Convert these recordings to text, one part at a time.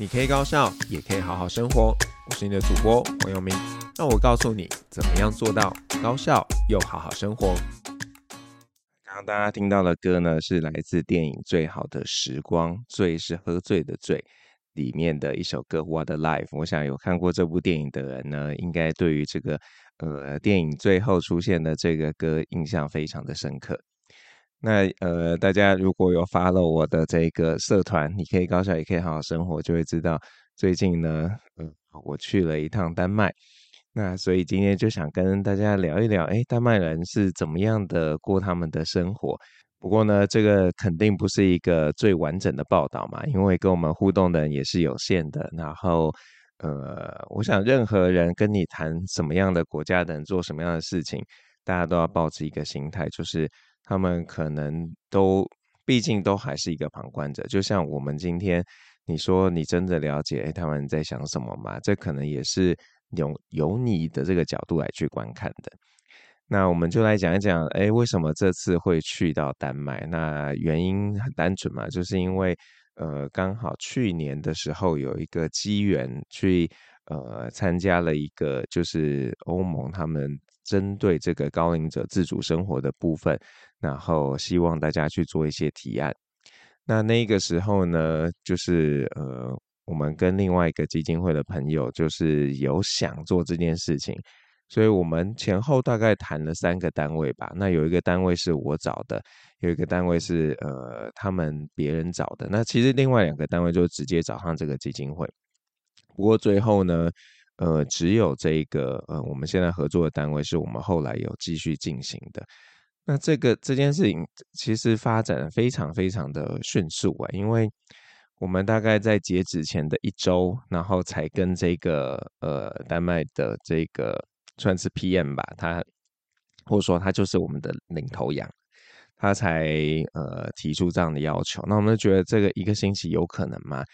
你可以高效，也可以好好生活。我是你的主播黃友明，那我告訴你怎麼樣做到高效又好好生活。剛剛大家聽到的歌呢，是來自電影《醉好的時光》，醉是喝醉的醉，裡面的一首歌《What a Life》。我想有看過這部電影的人呢，應該對於這個呃電影最後出現的這個歌印象非常的深刻。那呃，大家如果有 follow 我的這個社團，你可以高效，也可以好好生活，就會知道最近呢，嗯、呃，我去了一趟丹麥，那所以今天就想跟大家聊一聊，誒，丹麥人是怎麼樣的過他們的生活？不過呢，這個肯定不是一個最完整的報道嘛，因為跟我們互動的人也是有限的。然後呃，我想任何人跟你談什麼樣的國家能做什麼樣的事情，大家都要保持一個心態，就是。他們可能都，畢竟都還是一個旁觀者，就像我們今天，你說你真的了解，誒,他們在想什麼嘛,這可能也是有有你的這個角度來去觀看的。那我們就來講一講，哎，為什麼這次會去到丹麥？那原因很單純嘛，就是因為呃，剛好去年的時候有一個機緣去呃參加了一個，就是歐盟他們。針對這個高齡者自主生活的部分，然後希望大家去做一些提案。那那個時候呢，就是呃，我們跟另外一個基金會的朋友，就是有想做這件事情，所以我們前後大概談了三個單位吧。那有一個單位是我找的，有一個單位是呃，他們別人找的。那其實另外兩個單位就直接找上這個基金會。不過最後呢，呃，只有這個，呃，我們現在合作的單位是我們後來有繼續進行的。那這個這件事情其實發展非常非常的迅速啊，因為我們大概在截止前的一周，然後才跟這個呃丹麥的這個算是 PM 吧，他或者說他就是我們的領頭羊，他才呃提出這樣的要求。那我們就覺得這個一個星期有可能嗎？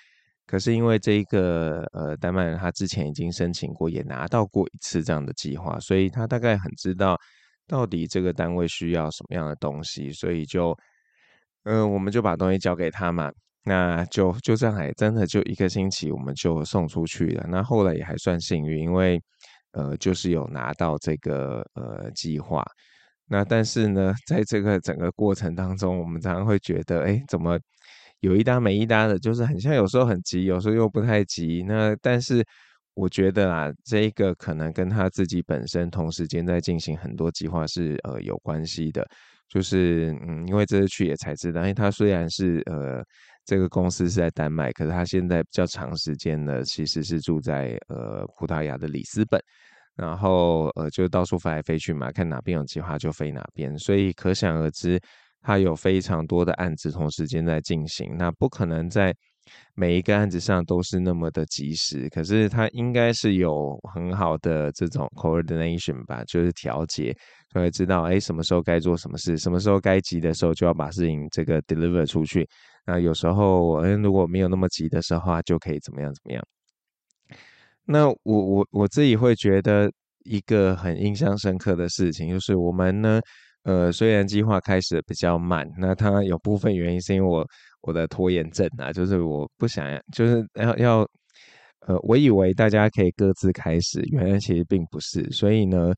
可是因為這一個呃，丹麥人他之前已經申請過，也拿到過一次這樣的計劃，所以他大概很知道到底這個單位需要什麼樣的東西，所以就嗯、呃，我們就把東西交給他嘛。那就就這樣，還真的就一個星期我們就送出去了。那後來也還算幸運，因為呃，就是有拿到這個呃計劃。那但是呢，在這個整個過程當中，我們常常會覺得，哎、欸，怎麼？有一搭沒一搭的，就是很像，有時候很急，有時候又不太急。那但是我覺得啦、啊，這一個可能跟他自己本身同時間在進行很多計劃是呃有關係的。就是嗯，因為這是去次也才知道，因為他雖然是呃這個公司是在丹麥，可是他現在比較長時間的其實是住在呃葡萄牙的里斯本，然後呃就到處飛來飛去嘛，看哪邊有計劃就飛哪邊，所以可想而知。他有非常多的案子同時間在進行，那不可能在每一個案子上都是那麼的及時。可是他應該是有很好的這種 coordination 吧，就是調節，可以知道哎、欸，什麼時候該做什麼事，什麼時候該急的時候就要把事情這個 deliver 出去。那有時候，哎、欸，如果沒有那麼急的時候，就可以怎麼樣怎麼樣。那我我我自己會覺得一個很印象深刻的事情，就是我們呢。呃，雖然計劃開始比較慢，那它有部分原因是因為我我的拖延症啊，就是我不想就是要要呃，我以為大家可以各自開始，原來其實並不是，所以呢，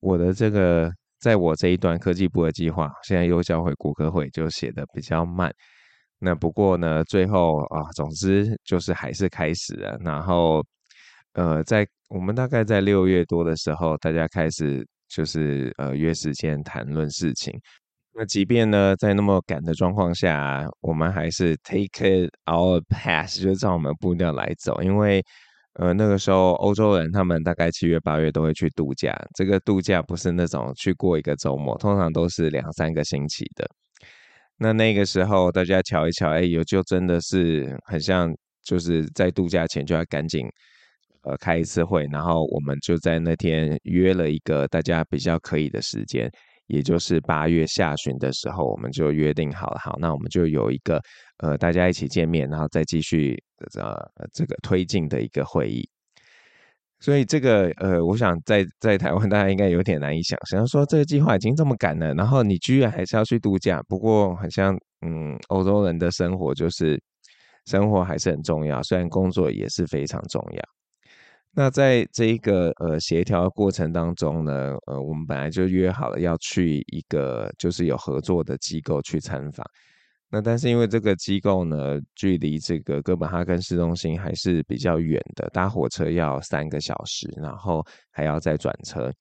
我的這個在我這一段科技部的計劃，現在又交回國科會，國科會就寫的比較慢。那不過呢，最後啊，總之就是還是開始了，然後呃，在我們大概在六月多的時候，大家開始。就是呃約時間談論事情，那即便呢在那麼趕的狀況下，啊，我們還是 take it our p a t s 就是照我們步調來走。因為呃那個時候歐洲人他們大概七月八月都會去度假，這個度假不是那種去過一個周末，通常都是兩三個星期的。那那個時候大家瞧一瞧，哎、欸、呦，就真的是很像就是在度假前就要趕緊。呃，開一次會，然後我們就在那天約了一個大家比較可以的時間，也就是八月下旬的時候，我們就約定好了。好，那我們就有一個呃，大家一起見面，然後再繼續呃這個推進的一個會議。所以這個呃，我想在在台灣大家應該有點難以想，像說這個計劃已經這麼趕了，然後你居然還是要去度假。不過，好像嗯，歐洲人的生活就是生活還是很重要，雖然工作也是非常重要。那在這個呃協調的過程當中呢，呃，我們本來就約好了要去一個就是有合作的機構去參訪。那但是因為這個機構呢，距離這個哥本哈根市中心還是比較遠的，搭火車要三個小時，然後還要再轉車。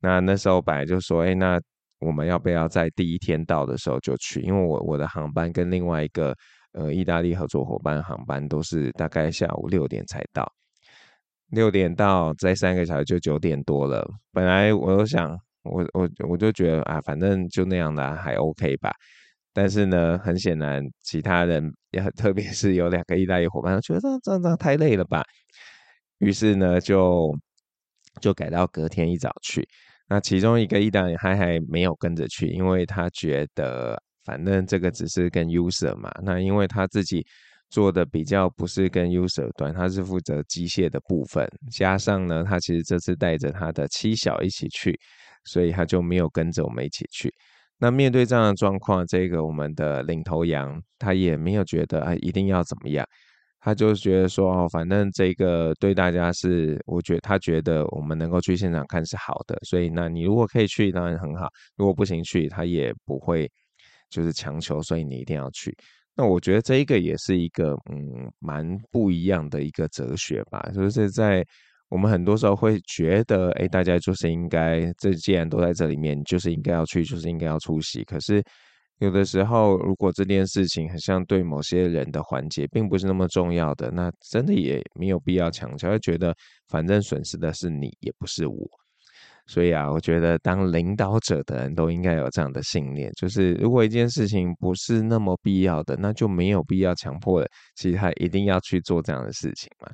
那那時候本來就說，哎，那我們要不要在第一天到的時候就去？因為我我的航班跟另外一個呃意大利合作夥伴航班都是大概下午六點才到。六點到，再三個小時就九點多了。本來我都想，我我我就覺得啊，反正就那樣的啊，還 OK 吧。但是呢，很顯然，其他人也很，特別是有兩個意大利夥伴，覺得這樣這樣這樣太累了吧。於是呢，就就改到隔天一早去。那其中一個意大利還還沒有跟着去，因為他覺得反正這個只是跟 user 嘛。那因為他自己。做的比較不是跟 user 端，他是負責機械的部分。加上呢，他其實這次帶着他的妻小一起去，所以他就沒有跟着我們一起去。那面對這樣的狀況，這個我們的領頭羊他也沒有覺得啊、哎、一定要怎麼樣，他就覺得說哦，反正這個對大家是，我覺得他覺得我們能夠去現場看是好的。所以那你如果可以去當然很好，如果不行去他也不會就是強求，所以你一定要去。那我覺得這一個也是一個，嗯，蠻不一樣的一個哲學吧。就是在我們很多時候會覺得，哎，大家就是應該，這既然都在這裡面，就是應該要去，就是應該要出席。可是有的時候，如果這件事情好像對某些人的環節，並不是那麼重要的，那真的也沒有必要強求。會覺得反正損失的是你，也不是我。所以啊，我覺得當領導者的人都應該有這樣的信念，就是如果一件事情不是那麼必要的，那就沒有必要強迫了其他一定要去做這樣的事情嘛。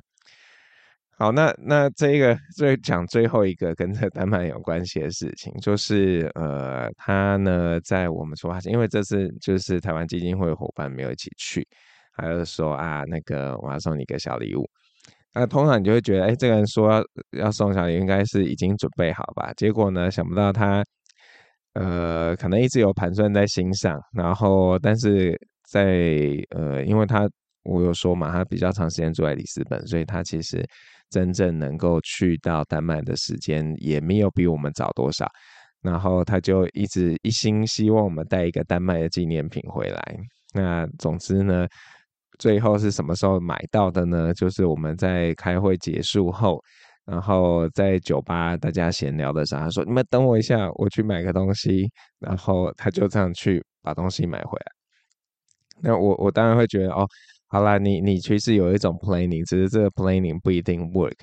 好，那那這個就講最後一個跟這丹麥有關係的事情，就是呃，他呢在我們出發前，因為這次就是台灣基金會夥伴沒有一起去，還有說啊，那個我要送你一個小禮物。那、啊、通常你就會覺得，哎，這個人說要，要送小禮，應該是已經準備好吧？結果呢，想不到他，呃，可能一直有盤算在心上。然後，但是在呃，因為他我有說嘛，他比較長時間住在里斯本，所以他其實真正能夠去到丹麥的時間也沒有比我們早多少。然後他就一直一心希望我們帶一個丹麥的紀念品回來。那總之呢。最後是什麼時候買到的呢？就是我們在開會結束後，然後在酒吧大家閒聊的時候，他說：“你們等我一下，我去買個東西。”然後他就這樣去把東西買回來。那我我當然會覺得哦，好啦，你你其實有一種 planning，只是這個 planning 不一定 work。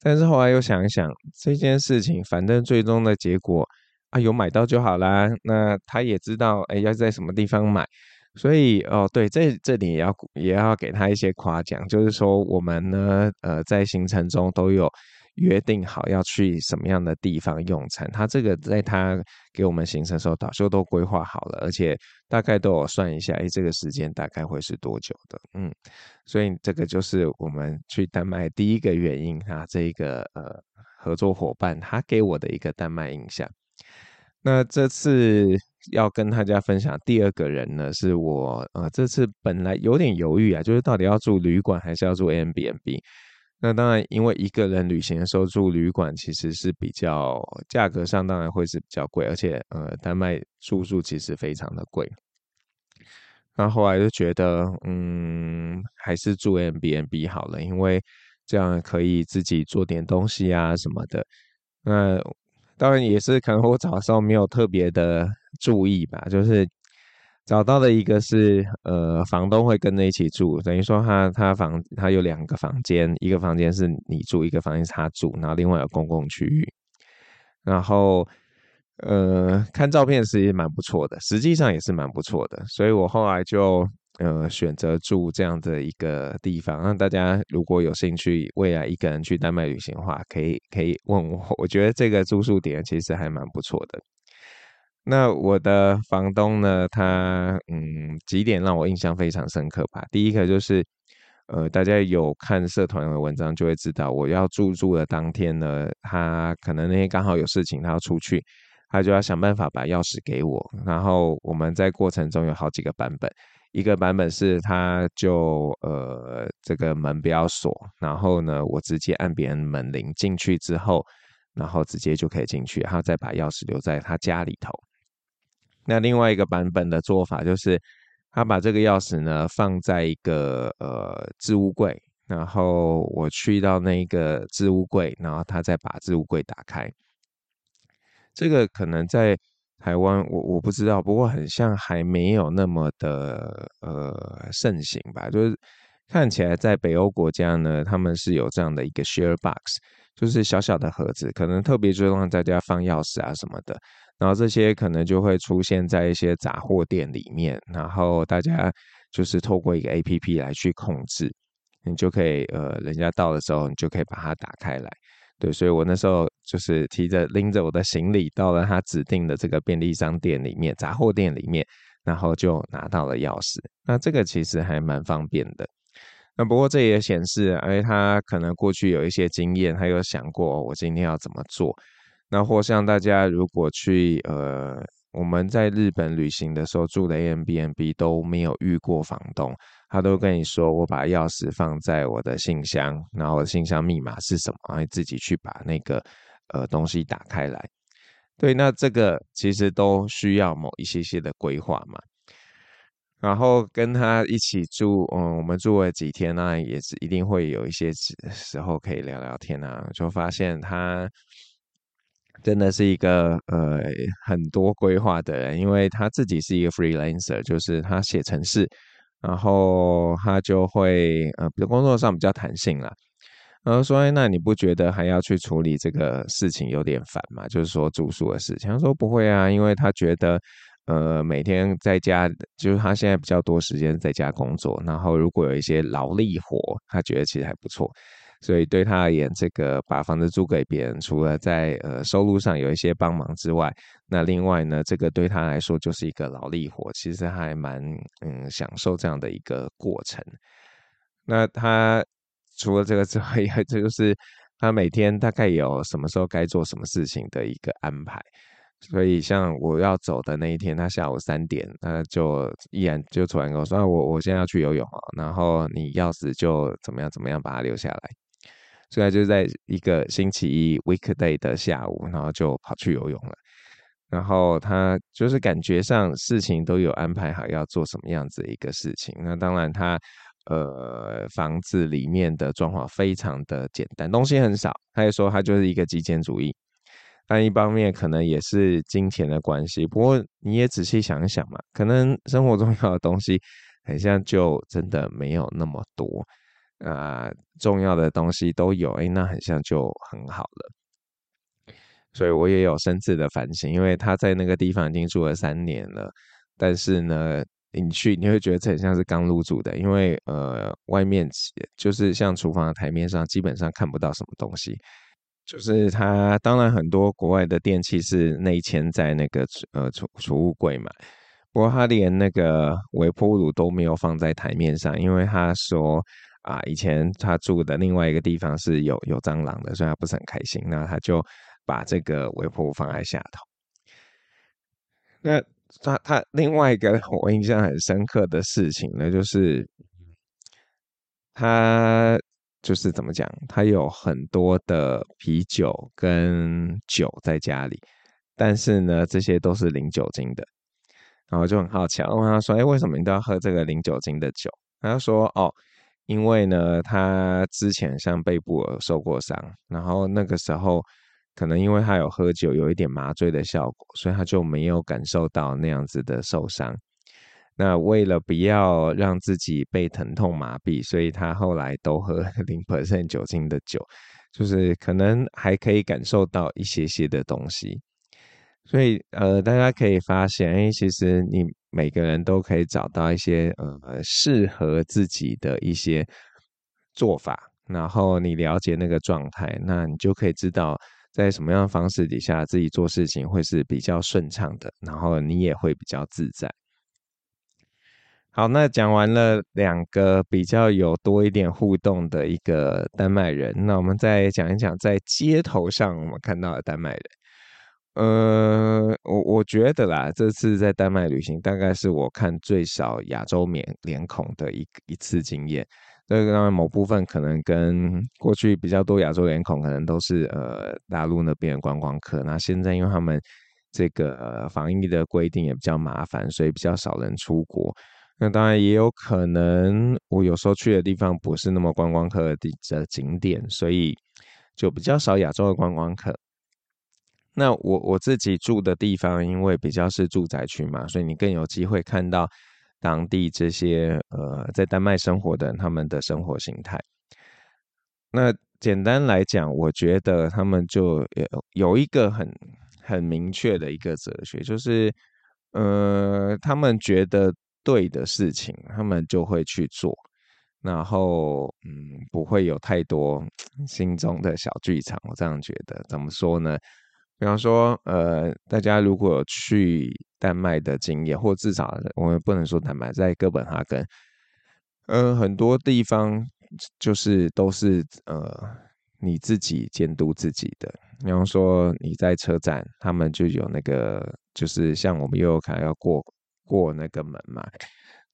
但是後來又想一想這件事情，反正最終的結果啊，有買到就好啦。那他也知道哎，要在什麼地方買。所以哦，對，這這裡也要也要給他一些誇獎，就是說我們呢，呃，在行程中都有約定好要去什麼樣的地方用餐。他這個在他給我們行程的時候，早就都規劃好了，而且大概都有算一下，哎，這個時間大概會是多久的。嗯，所以這個就是我們去丹麥第一個原因啊，這一個呃合作夥伴他給我的一個丹麥印象。那這次要跟大家分享第二個人呢，是我啊、呃。這次本來有點猶豫啊，就是到底要住旅館還是要住 Airbnb 那當然，因為一個人旅行的時候住旅館其實是比較價格上當然會是比較貴，而且呃，丹麥住宿其實非常的貴。那後來就覺得，嗯，還是住 Airbnb 好了，因為這樣可以自己做點東西啊什麼的。那當然也是可能我早上沒有特別的。注意吧，就是找到的一個是，呃，房東會跟着一起住，等於說他他房他有兩個房間，一個房間是你住，一個房間是他住，然後另外有公共區域。然後，呃，看照片是蠻不錯的，實際上也是蠻不錯的，所以我後來就呃選擇住這樣的一個地方。讓大家如果有興趣未來一個人去丹麥旅行的話，可以可以問我，我覺得這個住宿點其實還蠻不錯的。那我的房東呢？他嗯，幾點讓我印象非常深刻吧？第一個就是，呃，大家有看社團的文章就會知道，我要入住的當天呢，他可能那天剛好有事情，他要出去，他就要想辦法把鑰匙給我。然後我們在過程中有好幾個版本，一個版本是他就呃這個門不要鎖，然後呢我直接按別人門鈴進去之後，然後直接就可以進去，他再把鑰匙留在他家裡頭。那另外一個版本的做法就是，他把這個鑰匙呢放在一個呃置物櫃，然後我去到那一個置物櫃，然後他再把置物櫃打開。這個可能在台灣我我不知道，不過很像還沒有那麼的呃盛行吧。就是看起來在北歐國家呢，他們是有這樣的一個 share box，就是小小的盒子，可能特別就讓大家放鑰匙啊什麼的。然後這些可能就會出現在一些雜貨店裡面，然後大家就是透過一個 APP 來去控制，你就可以呃，人家到的時候，你就可以把它打開來。對，所以我那時候就是提着拎着我的行李到了他指定的這個便利商店裡面、雜貨店裡面，然後就拿到了鑰匙。那這個其實還蠻方便的。那不過這也顯示，哎，他可能過去有一些經驗，他有想過，哦，我今天要怎麼做。那或像大家如果去呃我們在日本旅行的時候住的 A M B N B 都沒有遇過房東，他都跟你說，我把鑰匙放在我的信箱，然後我的信箱密碼是什麼，你自己去把那個呃東西打開來。對，那這個其實都需要某一些些的規劃嘛。然後跟他一起住，嗯，我們住了幾天啊，那也是一定會有一些時候可以聊聊天啊，就發現他。真的是一個呃很多規劃的人，因為他自己是一個 freelancer，就是他寫程式，然後他就會呃工作上比較彈性啦。呃，所以那你不覺得還要去處理這個事情有點煩嗎？就是說住宿的事情。他說不會啊，因為他覺得呃每天在家，就是他現在比較多時間在家工作，然後如果有一些勞力活，他覺得其實還不錯。所以對他而言，這個把房子租給別人，除了在呃收入上有一些幫忙之外，那另外呢，這個對他來說就是一個勞力活，其實還蠻嗯享受這樣的一個過程。那他除了這個之外，這就是他每天大概有什麼時候該做什麼事情的一個安排。所以像我要走的那一天，他下午三點，他就依然就突然跟我說：“啊，我我現在要去游泳，然後你鑰匙就怎麼樣怎麼樣把它留下來。”所以他就在一個星期一 weekday 的下午，然後就跑去游泳了。然後他就是感覺上事情都有安排好要做什麼樣子的一個事情。那當然他呃房子裡面的裝潢非常的簡單，東西很少。他也說他就是一個極簡主義。但一方面可能也是金錢的關係。不過你也仔細想一想嘛，可能生活中要的東西，很像就真的沒有那麼多。啊，重要的東西都有，誒、欸、那很像就很好了。所以我也有深自的反省，因為他在那個地方已經住了三年了，但是呢，你去你會覺得這很像是剛入住的，因為呃，外面就是像廚房的台面上基本上看不到什麼東西，就是他當然很多國外的電器是內嵌在那個呃儲儲物櫃嘛，不過他連那個微波爐都沒有放在台面上，因為他說。啊，以前他住的另外一個地方是有有蟑螂的，所以他不是很開心。那他就把這個微波放在下頭。那他他另外一個我印象很深刻的事情呢，就是他就是怎麼講，他有很多的啤酒跟酒在家裡，但是呢，這些都是零酒精的。然後就很好奇，然、哦、問他說：“哎、欸，為什麼你都要喝這個零酒精的酒？”他就說：“哦。”因為呢，他之前像背部有受過傷，然後那個時候可能因為他有喝酒，有一點麻醉的效果，所以他就沒有感受到那樣子的受傷。那為了不要讓自己被疼痛麻痹，所以他後來都喝0%酒精的酒，就是可能還可以感受到一些些的東西。所以呃，大家可以發現，哎、欸，其實你。每個人都可以找到一些呃適合自己的一些做法，然後你了解那個狀態，那你就可以知道在什麼樣的方式底下自己做事情會是比較順暢的，然後你也會比較自在。好，那講完了兩個比較有多一點互動的一個丹麥人，那我們再講一講在街頭上我們看到的丹麥人。呃，我我覺得啦，這次在丹麥旅行，大概是我看最少亞洲臉臉孔的一一次經驗。那當然，某部分可能跟過去比較多亞洲臉孔，可能都是呃大陸那邊的觀光客。那現在因為他們這個，呃，防疫的規定也比較麻煩，所以比較少人出國。那當然也有可能，我有時候去的地方不是那麼觀光客的景點，所以就比較少亞洲的觀光客。那我我自己住的地方，因為比較是住宅區嘛，所以你更有機會看到當地這些呃，在丹麥生活的人，他們的生活形態。那簡單來講，我覺得他們就有有一個很很明確的一個哲學，就是呃，他們覺得對的事情，他們就會去做，然後嗯，不會有太多心中的小劇場。我這樣覺得，怎麼說呢？比方說，呃，大家如果有去丹麥的經驗，或至少我們不能說丹麥，在哥本哈根，嗯、呃，很多地方就是都是呃你自己監督自己的。比方說你在車站，他們就有那個，就是像我們悠遊卡要過過那個門嘛。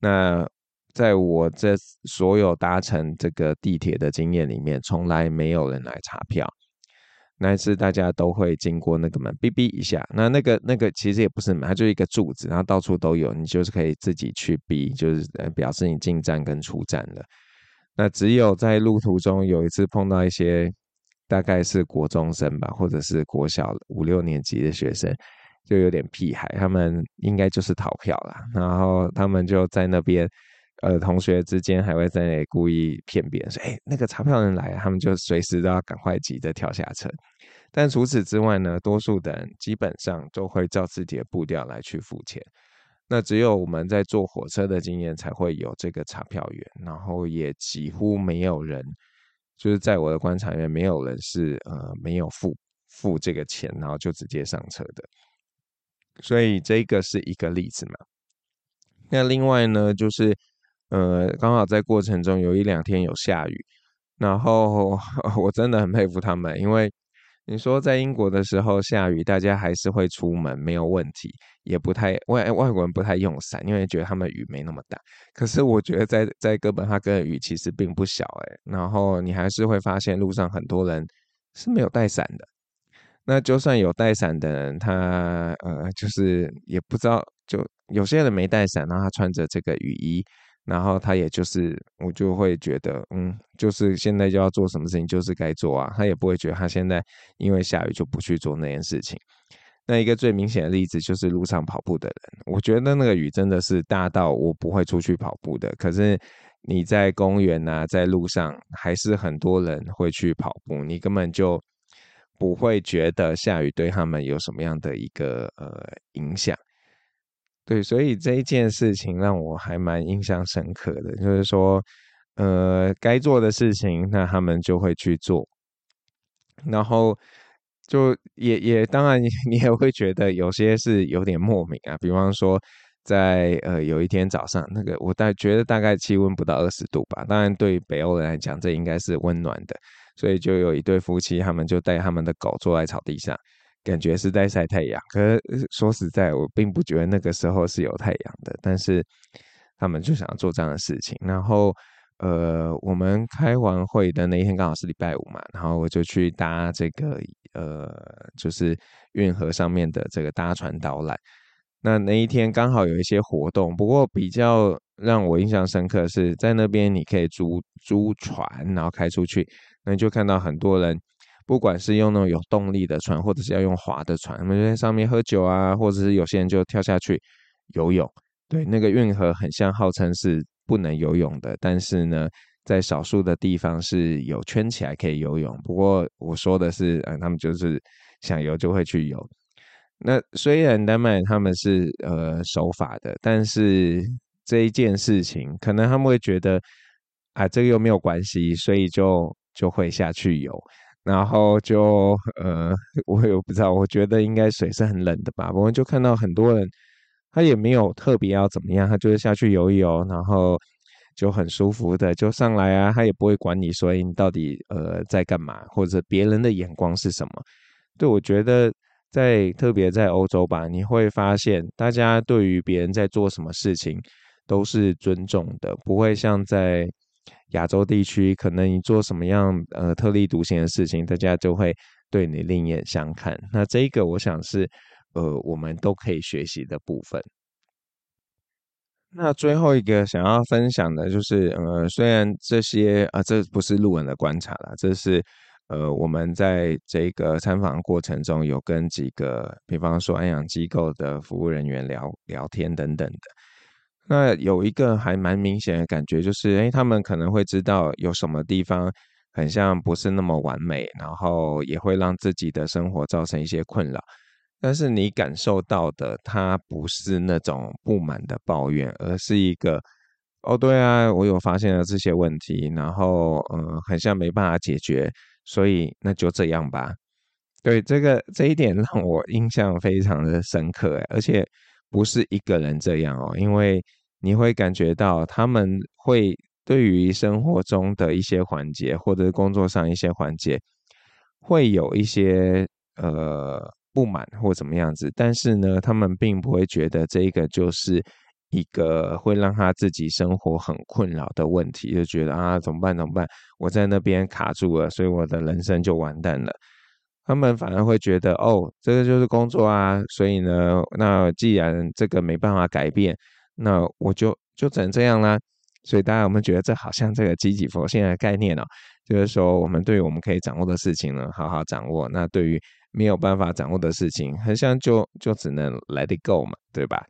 那在我這所有搭乘這個地鐵的經驗裡面，從來沒有人來查票。那一次大家都會經過那個門嗶嗶一下，那那個那個其實也不是門，它就一個柱子，然後到處都有，你就是可以自己去嗶，就是表示你進站跟出站的。那只有在路途中有一次碰到一些大概是國中生吧，或者是國小五六年級的學生，就有點屁孩，他們應該就是逃票了，然後他們就在那邊。呃，同學之間還會在故意騙別人說：“誒、欸、那個查票人來，他們就隨時都要趕快急着跳下車。”但除此之外呢，多數的人基本上都會照自己的步調來去付錢。那只有我們在坐火車的經驗才會有這個查票員，然後也幾乎沒有人，就是在我的觀察裡面，沒有人是呃沒有付付這個錢，然後就直接上車的。所以這個是一個例子嘛。那另外呢，就是。呃，剛好在過程中有一兩天有下雨，然後我真的很佩服他們，因為你說在英國的時候下雨，大家還是會出門沒有問題，也不太外外國人不太用傘，因為覺得他們雨沒那麼大。可是我覺得在在哥本哈根的雨其實並不小欸，然後你還是會發現路上很多人是沒有帶傘的，那就算有帶傘的人，他呃就是也不知道，就有些人沒帶傘，然後他穿着這個雨衣。然後他也就是我就會覺得，嗯，就是現在就要做什麼事情，就是該做啊。他也不會覺得他現在因為下雨就不去做那件事情。那一個最明顯的例子就是路上跑步的人，我覺得那個雨真的是大到我不會出去跑步的。可是你在公園吶、啊，在路上還是很多人會去跑步，你根本就不會覺得下雨對他們有什麼樣的一個，呃，影響。對，所以這一件事情讓我還蠻印象深刻的，就是說，呃，該做的事情，那他們就會去做，然後就也也當然，你也會覺得有些是有點莫名啊。比方說在，在呃有一天早上，那個我大覺得大概氣溫不到二十度吧，當然對於北歐人來講，這應該是溫暖的，所以就有一對夫妻，他們就帶他們的狗坐在草地上。感覺是在曬太陽，可是說實在，我並不覺得那個時候是有太陽的。但是他們就想要做這樣的事情。然後，呃，我們開完會的那一天剛好是禮拜五嘛，然後我就去搭這個呃，就是運河上面的這個搭船導覽。那那一天剛好有一些活動，不過比較讓我印象深刻是，在那邊你可以租租船，然後開出去，那你就看到很多人。不管是用那種有動力的船，或者是要用划的船，他們就在上面喝酒啊，或者是有些人就跳下去游泳。對，那個運河很像號稱是不能游泳的，但是呢，在少數的地方是有圈起來可以游泳。不過我說的是，呃，他們就是想游就會去游。那雖然丹麥他們是呃守法的，但是這一件事情可能他們會覺得啊，呃，這個又沒有關係，所以就就會下去游。然後就呃，我也不知道，我覺得應該水是很冷的吧。我們就看到很多人，他也沒有特別要怎麼樣，他就是下去游一游，然後就很舒服的就上來啊，他也不會管你，所以你到底呃在幹嘛，或者別人的眼光是什麼。對，我覺得在特別在歐洲吧，你會發現大家對於別人在做什麼事情都是尊重的，不會像在。亞洲地區，可能你做什麼樣呃特立獨行的事情，大家就會對你另眼相看。那這個我想是呃我們都可以學習的部分。那最後一個想要分享的，就是呃雖然這些啊、呃、這不是路人的觀察啦，這是呃我們在這個參訪過程中有跟幾個，比方說安養機構的服務人員聊聊天等等的。那有一個還蠻明顯的感覺，就是誒、欸、他們可能會知道有什麼地方很像不是那麼完美，然後也會讓自己的生活造成一些困擾。但是你感受到的，它不是那種不滿的抱怨，而是一個哦，對啊，我有發現了這些問題，然後嗯，很像沒辦法解決，所以那就這樣吧。對，這個這一點讓我印象非常的深刻，誒，而且不是一個人這樣哦，因為。你會感覺到他們會對於生活中的一些環節，或者是工作上一些環節，會有一些呃不滿或怎麼樣子。但是呢，他們並不會覺得這個就是一個會讓他自己生活很困擾的問題，就覺得啊怎麼辦怎麼辦？我在那邊卡住了，所以我的人生就完蛋了。他們反而會覺得哦，這個就是工作啊，所以呢，那既然這個沒辦法改變。那我就就只能這樣啦，所以大家有沒有覺得這好像這個積極佛系的概念哦，就是說我們對於我們可以掌握的事情呢，好好掌握；那對於沒有辦法掌握的事情，很像就就只能 let it go 嘛，對吧？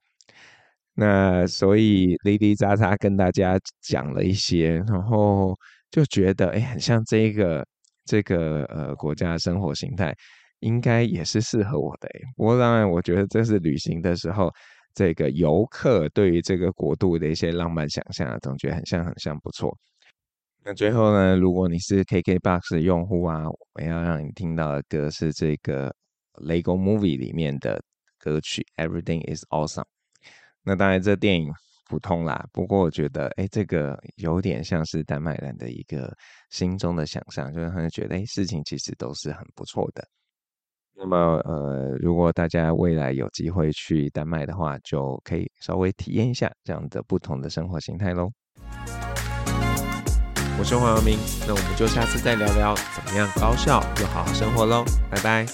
那所以哩哩渣渣跟大家講了一些，然後就覺得哎、欸，很像這個這個呃國家的生活形態，應該也是適合我的、欸。不過當然，我覺得這是旅行的時候。這個遊客對於這個國度的一些浪漫想象啊，總覺得很像很像不錯。那最後呢，如果你是 KKBOX 的用戶啊，我要讓你聽到的歌是這個《LEGO Movie》裡面的歌曲《Everything Is Awesome》。那當然這電影普通啦，不過我覺得，誒這個有點像是丹麥人的一個心中的想象，就是他們覺得，誒事情其實都是很不錯的。那麼，呃，如果大家未來有機會去丹麥的話，就可以稍微體驗一下這樣的不同的生活形態嘍。我是黃耀明，那我們就下次再聊聊怎麼樣高效又好好生活嘍，拜拜。